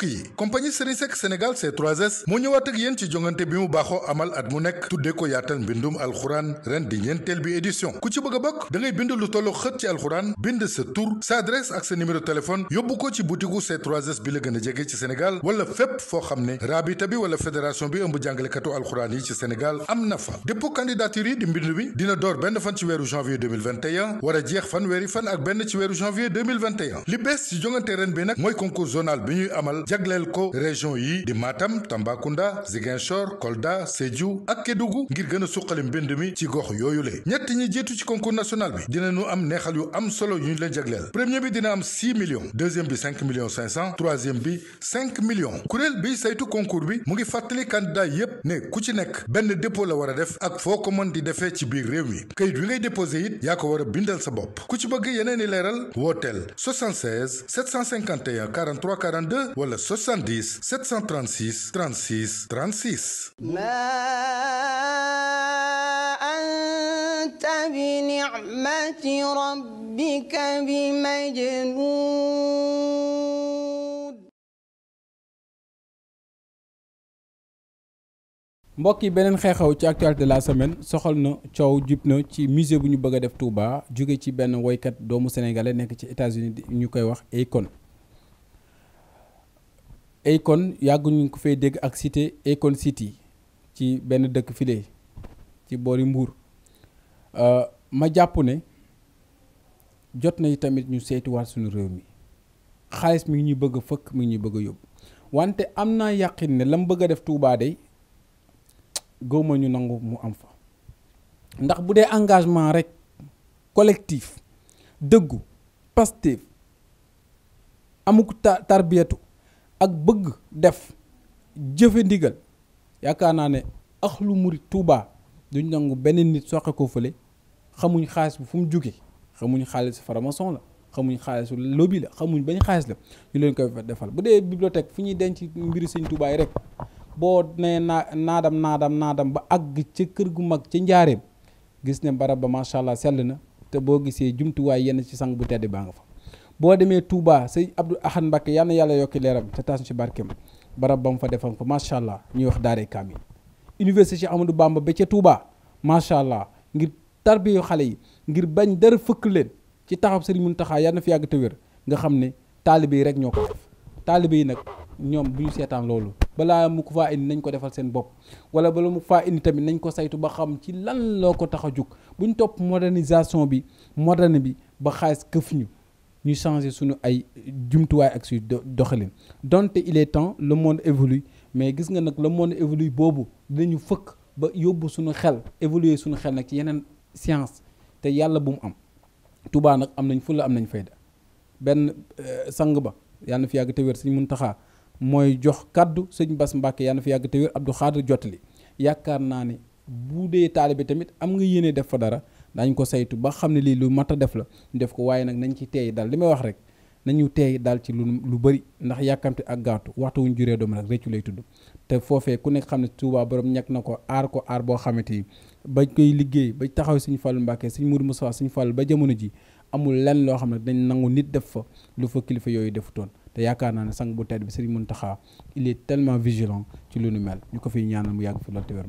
mbokk yi compagnie Sénégal c 3 moo ñëwaat ak yéen ci jongante bi mu baaxoo amal at mu nekk tuddee ko yaatal mbindum alxuraan ren di ñeenteel bi édition ku ci bëgg a bokk da ngay bind lu tollu xët ci alxuraan bind sa tur sa adresse ak sa numéro téléphone yóbbu ko ci butiku c 3 bi la gën a jege ci Sénégal wala fépp foo xam ne raabita bi wala fédération bi ëmb jàngalekatu alxuraan yi ci Sénégal am na fa dépôt candidature yi di jagleel ko région yi di maatam Tambacounda Ziguinchor Kolda Sédhiou ak Kédougou ngir gën a suqali mbind mi ci gox yooyu le ñett ñi jeetu ci concours national bi dinañu am neexal yu am solo yu ñu leen jagleel premier bi dina am 6 millions deuxième bi 5 millions 500 troisième bi 5 millions kuréel bi saytu concours bi mu ngi fàttali candidat yépp ne ku ci nekk benn dépo la war a def ak foo ko mën di defee ci biir réew mi kayit wi ngay déposé it yaa ko war a bindal sa bopp ku ci bëgg yeneen i leeral wooteel 76 751 43 42 wala 70 736 36 36. mbokk yi beneen xeexaw ci actualité la semaine soxal na coow jub na ci musée bu ñu bëgg a def Touba jóge ci benn woykat doomu sénégalais nekk ci États-Unis ñu koy wax Akon Akon yàgguñu ko fay dégg ak cité Akon City ci benn dëkk file ci boori Mbour euh, ma jàpp ne jot nañu tamit ñu saytuwaat sunu réew mi xaalis mi ngi ñuy bëgg a fëkk mi ngi ñuy bëgg a yóbbu wante am naa yàqin ne lam mu bëgg a def Touba day gëwma ñu nangu mu am fa ndax bu dee engagement rek collectif dëggu Pastef amuk tarbiyatu ak bëgg def jëfe ndigal yaakaar naa ne lu murit Touba duñ nangu benn nit soqe ko fële xamuñ xaalis bi fu mu jóge xamuñ xaalis faramason la xamuñ xaalisu lobby la xamuñ bañ xaalis la ñu leen koy defal bu dee bibliothèque fu ñuy denc mbiri sëñ Touba yi rek boo nee naa naadam naadam naadam ba àgg ca kër gu mag ca njaareem gis ne barab ba macha allah sell na te boo gisee jumtuwaay yenn ci sang bu tedd baa nga fa boo demee Touba sëñ Abdou Ahad Mbacké yal na yàlla yokki leeram te taas ñu ci barkeem barab ba mu fa defam ko macha allah ñuy wax daaree kaamil université Cheikh Amadou Bamba ba ca Touba macha allah ngir tarbiyu xale yi ngir bañ dara fëkk leen ci taxaw Serigne Mountakha yal na fi yàgg te nga xam ne taalibe yi rek ñoo ko def taalibe yi nag ñoom bu ñu seetaan loolu balaa mu ko faa indi nañ ko defal seen bopp wala bala mu ko faa indi tamit nañ ko saytu ba xam ci lan loo ko tax a jug buñ topp modernisation bi moderne bi ba xaalis këf ñu changer suñu ay jumtuwaay ak suñu doxalin donte il est temps le monde évolue mais gis nga nag le monde évolue boobu dinañu fëkk ba yóbbu suñu xel évoluer suñu xel nag ci yeneen science te yàlla bu mu am Touba nag am nañ fulla am nañ fayda benn euh, sang ba yàlla fi yàgg te wér mun Muntaxa mooy jox kàddu sëñ Bass Mbàkke yàlla fi yàgg te wér Abdou Xaadir jottali yaakaar naa ne bu dee taalibe tamit am nga yéene def fa dara daañ ko saytu ba xam ne lii lu mat a def la ñu def ko waaye nag nañ ci teey daal li may wax rek nañu teey dal ci lu lu bëri ndax yàkkamte ak gaatu waxtu wuñ juree doom rek réccu lay tudd te foofee ku nekk xam ne Tuubaa borom ñàkk na ko aar ko aar boo xamante ni bañ koy liggéey ba taxaw Sëñ Fallu Mbàkke Sëñ Mudu Musaa Sëñ Fallu ba jamono ji amul lenn loo xam ne dañ nangu nit def fa lu fa kilifa yooyu defutoon te yaakaar naa ne sang bu tedd bi Sëriñ Muntaxa il est tellement vigilant ci lu nu mel ñu ko fiy ñaanal mu yàgg fi loolu te wér